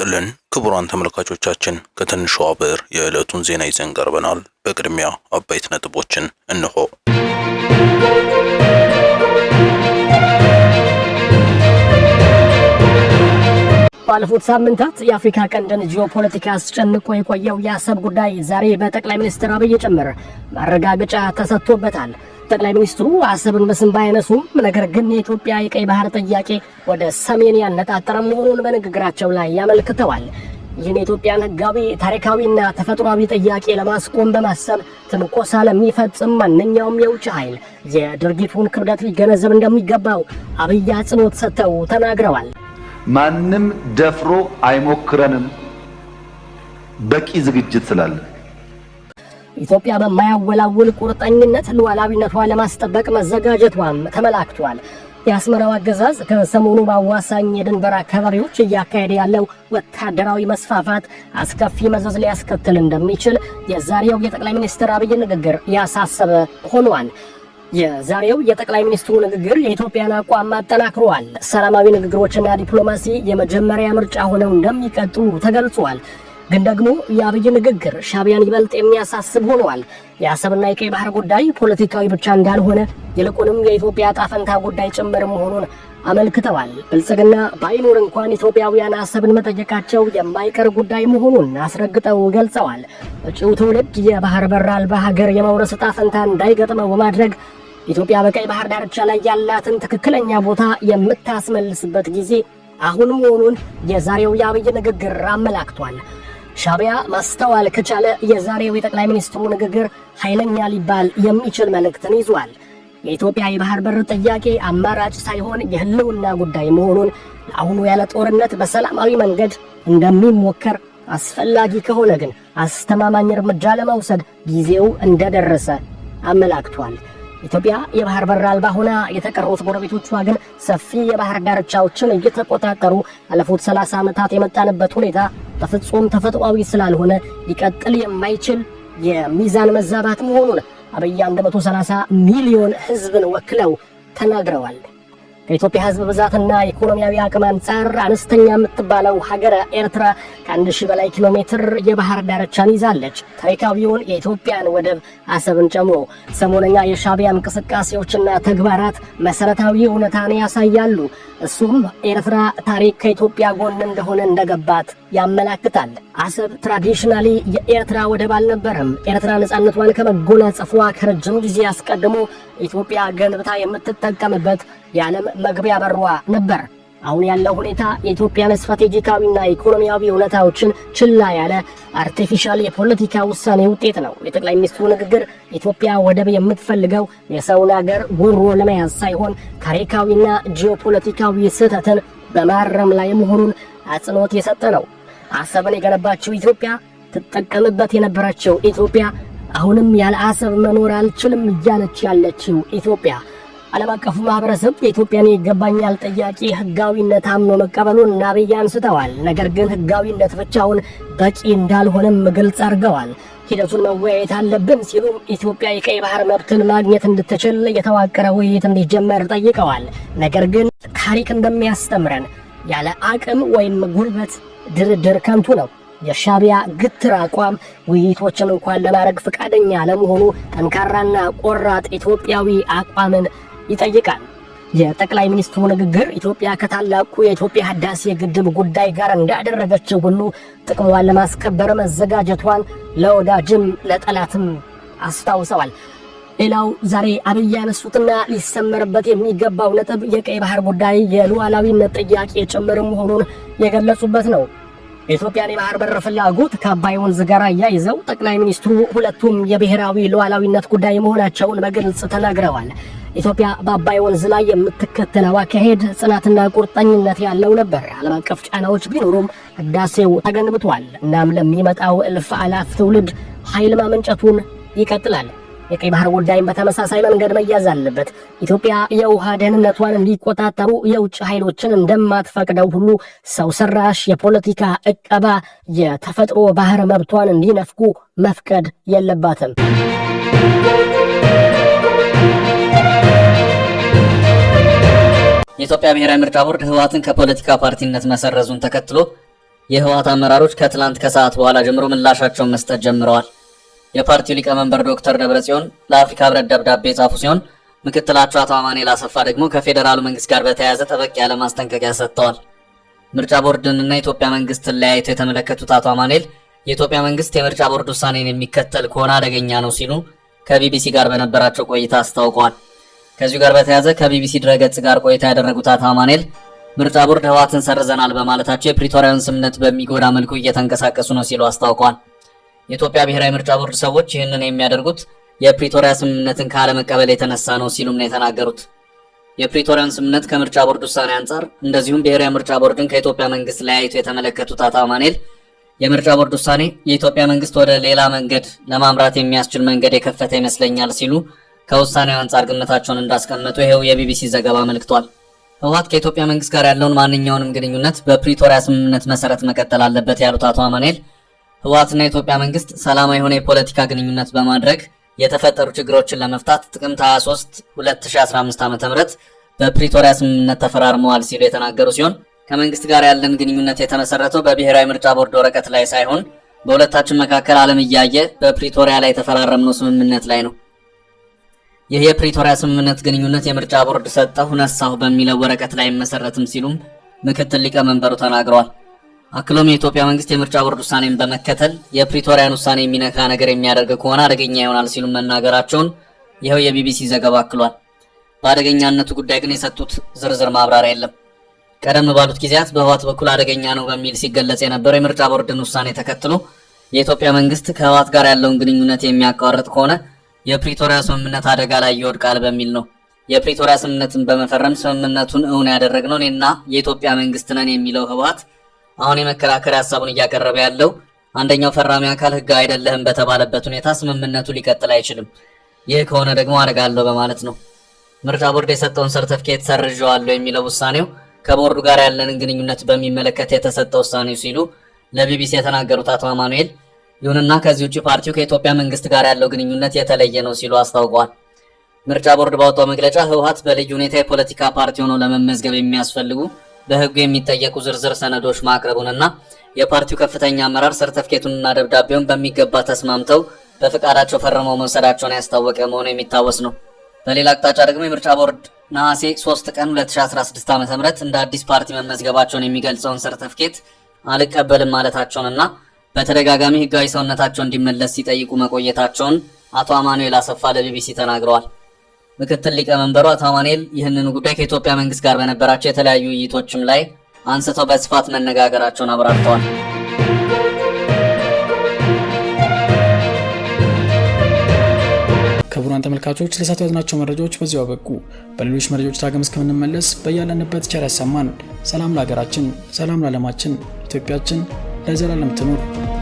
ቀጥለን ክቡራን ተመልካቾቻችን ከትንሿ ብዕር የዕለቱን ዜና ይዘን ቀርበናል። በቅድሚያ አበይት ነጥቦችን እንሆ። ባለፉት ሳምንታት የአፍሪካ ቀንድን ጂኦፖለቲካ አስጨንቆ የቆየው የአሰብ ጉዳይ ዛሬ በጠቅላይ ሚኒስትር አብይ ጭምር ማረጋገጫ ተሰጥቶበታል። ጠቅላይ ሚኒስትሩ አሰብን በስም ባይነሱም ነገር ግን የኢትዮጵያ የቀይ ባህር ጥያቄ ወደ ሰሜን ያነጣጠረ መሆኑን በንግግራቸው ላይ ያመልክተዋል። ይህን የኢትዮጵያን ሕጋዊ ታሪካዊና ተፈጥሯዊ ጥያቄ ለማስቆም በማሰብ ትንኮሳ ለሚፈጽም ማንኛውም የውጭ ኃይል የድርጊቱን ክብደት ሊገነዘብ እንደሚገባው አብይ አጽንኦት ሰጥተው ተናግረዋል። ማንም ደፍሮ አይሞክረንም በቂ ዝግጅት ስላለን ኢትዮጵያ በማያወላውል ቁርጠኝነት ሉዓላዊነቷን ለማስጠበቅ መዘጋጀቷም ተመላክቷል። የአስመራው አገዛዝ ከሰሞኑ በአዋሳኝ የድንበር አካባቢዎች እያካሄደ ያለው ወታደራዊ መስፋፋት አስከፊ መዘዝ ሊያስከትል እንደሚችል የዛሬው የጠቅላይ ሚኒስትር አብይ ንግግር ያሳሰበ ሆኗል። የዛሬው የጠቅላይ ሚኒስትሩ ንግግር የኢትዮጵያን አቋም አጠናክሯል። ሰላማዊ ንግግሮችና ዲፕሎማሲ የመጀመሪያ ምርጫ ሆነው እንደሚቀጥሉ ተገልጿል። ግን ደግሞ የአብይ ንግግር ሻቢያን ይበልጥ የሚያሳስብ ሆኗል። የአሰብና የቀይ ባህር ጉዳይ ፖለቲካዊ ብቻ እንዳልሆነ ይልቁንም የኢትዮጵያ ዕጣ ፈንታ ጉዳይ ጭምር መሆኑን አመልክተዋል። ብልጽግና ባይኖር እንኳን ኢትዮጵያውያን አሰብን መጠየቃቸው የማይቀር ጉዳይ መሆኑን አስረግጠው ገልጸዋል። እጩው ትውልድ የባህር በር አልባ ሀገር የመውረስ ዕጣ ፈንታ እንዳይገጥመው በማድረግ ኢትዮጵያ በቀይ ባህር ዳርቻ ላይ ያላትን ትክክለኛ ቦታ የምታስመልስበት ጊዜ አሁን መሆኑን የዛሬው የአብይ ንግግር አመላክቷል። ሻቢያ ማስተዋል ከቻለ የዛሬው የጠቅላይ ሚኒስትሩ ንግግር ኃይለኛ ሊባል የሚችል መልእክትን ይዟል። የኢትዮጵያ የባህር በር ጥያቄ አማራጭ ሳይሆን የህልውና ጉዳይ መሆኑን ለአሁኑ ያለ ጦርነት በሰላማዊ መንገድ እንደሚሞከር አስፈላጊ ከሆነ ግን አስተማማኝ እርምጃ ለመውሰድ ጊዜው እንደደረሰ አመላክቷል። ኢትዮጵያ የባህር በር አልባ ሆና የተቀሩት ጎረቤቶቿ ግን ሰፊ የባህር ዳርቻዎችን እየተቆጣጠሩ አለፉት 30 ዓመታት የመጣንበት ሁኔታ በፍጹም ተፈጥሯዊ ስላልሆነ ሊቀጥል የማይችል የሚዛን መዛባት መሆኑን አብይ 130 ሚሊዮን ህዝብን ወክለው ተናግረዋል። ከኢትዮጵያ ህዝብ ብዛትና ኢኮኖሚያዊ አቅም አንጻር አነስተኛ የምትባለው ሀገረ ኤርትራ ከአንድ ሺህ በላይ ኪሎ ሜትር የባህር ዳርቻን ይዛለች። ታሪካዊውን የኢትዮጵያን ወደብ አሰብን ጨምሮ ሰሞነኛ የሻቢያ እንቅስቃሴዎችና ተግባራት መሰረታዊ እውነታን ያሳያሉ። እሱም ኤርትራ ታሪክ ከኢትዮጵያ ጎን እንደሆነ እንደገባት ያመላክታል። አሰብ ትራዲሽናሊ የኤርትራ ወደብ አልነበረም። ኤርትራ ነፃነቷን ከመጎናጸፏ ከረጅም ጊዜ አስቀድሞ ኢትዮጵያ ገንብታ የምትጠቀምበት የዓለም መግቢያ በሯ ነበር። አሁን ያለው ሁኔታ የኢትዮጵያን ስትራቴጂካዊና ኢኮኖሚያዊ እውነታዎችን ችላ ያለ አርቲፊሻል የፖለቲካ ውሳኔ ውጤት ነው። የጠቅላይ ሚኒስትሩ ንግግር ኢትዮጵያ ወደብ የምትፈልገው የሰውን አገር ጉሮ ለመያዝ ሳይሆን ታሪካዊና ጂኦፖለቲካዊ ስህተትን በማረም ላይ መሆኑን አጽንኦት የሰጠ ነው። አሰብን የገነባችው ኢትዮጵያ፣ ትጠቀምበት የነበረችው ኢትዮጵያ፣ አሁንም ያለ አሰብ መኖር አልችልም እያለች ያለችው ኢትዮጵያ ዓለም አቀፉ ማህበረሰብ የኢትዮጵያን ይገባኛል ጥያቄ ህጋዊነት አምኖ መቀበሉን አብይ አንስተዋል። ነገር ግን ህጋዊነት ብቻውን በቂ እንዳልሆነም ግልጽ አድርገዋል። ሂደቱን መወያየት አለብን ሲሉም ኢትዮጵያ የቀይ ባህር መብትን ማግኘት እንድትችል የተዋቀረ ውይይት እንዲጀመር ጠይቀዋል። ነገር ግን ታሪክ እንደሚያስተምረን ያለ አቅም ወይም ጉልበት ድርድር ከንቱ ነው። የሻቢያ ግትር አቋም ውይይቶችን እንኳን ለማድረግ ፈቃደኛ ለመሆኑ ጠንካራና ቆራጥ ኢትዮጵያዊ አቋምን ይጠይቃል። የጠቅላይ ሚኒስትሩ ንግግር ኢትዮጵያ ከታላቁ የኢትዮጵያ ህዳሴ ግድብ ጉዳይ ጋር እንዳደረገችው ሁሉ ጥቅሟን ለማስከበር መዘጋጀቷን ለወዳጅም ለጠላትም አስታውሰዋል። ሌላው ዛሬ አብይ ያነሱትና ሊሰመርበት የሚገባው ነጥብ የቀይ ባህር ጉዳይ የሉዓላዊነት ጥያቄ ጭምር መሆኑን የገለጹበት ነው። የኢትዮጵያን የባህር በር ፍላጎት ከአባይ ወንዝ ጋር አያይዘው ጠቅላይ ሚኒስትሩ ሁለቱም የብሔራዊ ሉዓላዊነት ጉዳይ መሆናቸውን በግልጽ ተናግረዋል። ኢትዮጵያ በአባይ ወንዝ ላይ የምትከተለው አካሄድ ጽናትና ቁርጠኝነት ያለው ነበር። ዓለም አቀፍ ጫናዎች ቢኖሩም ህዳሴው ተገንብቷል። እናም ለሚመጣው እልፍ አላፍ ትውልድ ኃይል ማመንጨቱን ይቀጥላል። የቀይ ባህር ጉዳይም በተመሳሳይ መንገድ መያዝ አለበት። ኢትዮጵያ የውሃ ደህንነቷን እንዲቆጣጠሩ የውጭ ኃይሎችን እንደማትፈቅደው ሁሉ ሰው ሰራሽ የፖለቲካ እቀባ የተፈጥሮ ባህር መብቷን እንዲነፍኩ መፍቀድ የለባትም። የኢትዮጵያ ብሔራዊ ምርጫ ቦርድ ህወሓትን ከፖለቲካ ፓርቲነት መሰረዙን ተከትሎ የህወሓት አመራሮች ከትላንት ከሰዓት በኋላ ጀምሮ ምላሻቸውን መስጠት ጀምረዋል። የፓርቲው ሊቀመንበር ዶክተር ደብረጽዮን ለአፍሪካ ህብረት ደብዳቤ የጻፉ ሲሆን ምክትላቸው አቶ አማኑኤል አሰፋ ደግሞ ከፌዴራሉ መንግስት ጋር በተያያዘ ጠበቅ ያለ ማስጠንቀቂያ ሰጥተዋል። ምርጫ ቦርድንና የኢትዮጵያ መንግስትን ለያይተው የተመለከቱት አቶ አማኔል የኢትዮጵያ መንግስት የምርጫ ቦርድ ውሳኔን የሚከተል ከሆነ አደገኛ ነው ሲሉ ከቢቢሲ ጋር በነበራቸው ቆይታ አስታውቀዋል። ከዚሁ ጋር በተያያዘ ከቢቢሲ ድረገጽ ጋር ቆይታ ያደረጉት አቶ አማኔል ምርጫ ቦርድ ህወሓትን ሰርዘናል በማለታቸው የፕሪቶሪያውን ስምምነት በሚጎዳ መልኩ እየተንቀሳቀሱ ነው ሲሉ አስታውቀዋል። የኢትዮጵያ ብሔራዊ ምርጫ ቦርድ ሰዎች ይህንን የሚያደርጉት የፕሪቶሪያ ስምምነትን ካለመቀበል የተነሳ ነው ሲሉም ነው የተናገሩት። የፕሪቶሪያን ስምምነት ከምርጫ ቦርድ ውሳኔ አንጻር እንደዚሁም ብሔራዊ ምርጫ ቦርድን ከኢትዮጵያ መንግስት ለያይቶ የተመለከቱት አቶ አማኔል የምርጫ ቦርድ ውሳኔ የኢትዮጵያ መንግስት ወደ ሌላ መንገድ ለማምራት የሚያስችል መንገድ የከፈተ ይመስለኛል ሲሉ ከውሳኔው አንጻር ግምታቸውን እንዳስቀመጡ ይኸው የቢቢሲ ዘገባ አመልክቷል። ህወሓት ከኢትዮጵያ መንግስት ጋር ያለውን ማንኛውንም ግንኙነት በፕሪቶሪያ ስምምነት መሰረት መቀጠል አለበት ያሉት አቶ አማኑኤል ህወሓትና የኢትዮጵያ መንግስት ሰላማዊ የሆነ የፖለቲካ ግንኙነት በማድረግ የተፈጠሩ ችግሮችን ለመፍታት ጥቅምት 23 2015 ዓ.ም በፕሪቶሪያ ስምምነት ተፈራርመዋል ሲሉ የተናገሩ ሲሆን ከመንግስት ጋር ያለን ግንኙነት የተመሰረተው በብሔራዊ ምርጫ ቦርድ ወረቀት ላይ ሳይሆን በሁለታችን መካከል ዓለም እያየ በፕሪቶሪያ ላይ የተፈራረምነው ስምምነት ላይ ነው። ይህ የፕሪቶሪያ ስምምነት ግንኙነት የምርጫ ቦርድ ሰጠሁ ነሳሁ በሚለው ወረቀት ላይ አይመሰረትም ሲሉም ምክትል ሊቀመንበሩ ተናግረዋል። አክሎም የኢትዮጵያ መንግስት የምርጫ ቦርድ ውሳኔን በመከተል የፕሪቶሪያን ውሳኔ የሚነካ ነገር የሚያደርግ ከሆነ አደገኛ ይሆናል ሲሉ መናገራቸውን ይኸው የቢቢሲ ዘገባ አክሏል። በአደገኛነቱ ጉዳይ ግን የሰጡት ዝርዝር ማብራሪያ የለም። ቀደም ባሉት ጊዜያት በህወሓት በኩል አደገኛ ነው በሚል ሲገለጽ የነበረው የምርጫ ቦርድን ውሳኔ ተከትሎ የኢትዮጵያ መንግስት ከህወሓት ጋር ያለውን ግንኙነት የሚያቋርጥ ከሆነ የፕሪቶሪያ ስምምነት አደጋ ላይ ይወድቃል በሚል ነው። የፕሪቶሪያ ስምምነትን በመፈረም ስምምነቱን እውን ያደረግነው እኔና የኢትዮጵያ መንግስት ነን የሚለው ህወሓት አሁን የመከራከሪያ ሀሳቡን እያቀረበ ያለው አንደኛው ፈራሚ አካል ህግ አይደለህም በተባለበት ሁኔታ ስምምነቱ ሊቀጥል አይችልም። ይህ ከሆነ ደግሞ አደጋ በማለት ነው። ምርጫ ቦርድ የሰጠውን ሰርተፍኬት ሰርዣዋለሁ የሚለው ውሳኔው ከቦርዱ ጋር ያለንን ግንኙነት በሚመለከት የተሰጠ ውሳኔ ሲሉ ለቢቢሲ የተናገሩት አቶ አማኑኤል ይሁንና ከዚህ ውጭ ፓርቲው ከኢትዮጵያ መንግስት ጋር ያለው ግንኙነት የተለየ ነው ሲሉ አስታውቀዋል። ምርጫ ቦርድ ባወጣው መግለጫ ህወሀት በልዩ ሁኔታ የፖለቲካ ፓርቲ ሆኖ ለመመዝገብ የሚያስፈልጉ በህጉ የሚጠየቁ ዝርዝር ሰነዶች ማቅረቡንና የፓርቲው ከፍተኛ አመራር ሰርተፍኬቱንና ደብዳቤውን በሚገባ ተስማምተው በፈቃዳቸው ፈርመው መውሰዳቸውን ያስታወቀ መሆኑ የሚታወስ ነው። በሌላ አቅጣጫ ደግሞ የምርጫ ቦርድ ነሐሴ 3 ቀን 2016 ዓ ም እንደ አዲስ ፓርቲ መመዝገባቸውን የሚገልጸውን ሰርተፍኬት አልቀበልም ማለታቸውንና በተደጋጋሚ ህጋዊ ሰውነታቸው እንዲመለስ ሲጠይቁ መቆየታቸውን አቶ አማኑኤል አሰፋ ለቢቢሲ ተናግረዋል። ምክትል ሊቀመንበሩ አቶ አማኑኤል ይህንን ጉዳይ ከኢትዮጵያ መንግስት ጋር በነበራቸው የተለያዩ ውይይቶችም ላይ አንስተው በስፋት መነጋገራቸውን አብራርተዋል። ክቡራን ተመልካቾች ለሳት ያዝናቸው መረጃዎች በዚያው አበቁ። በሌሎች መረጃዎች ዳግም እስከምንመለስ በያለንበት ቸር ያሰማን። ሰላም ለሀገራችን፣ ሰላም ለዓለማችን። ኢትዮጵያችን ለዘላለም ትኑር።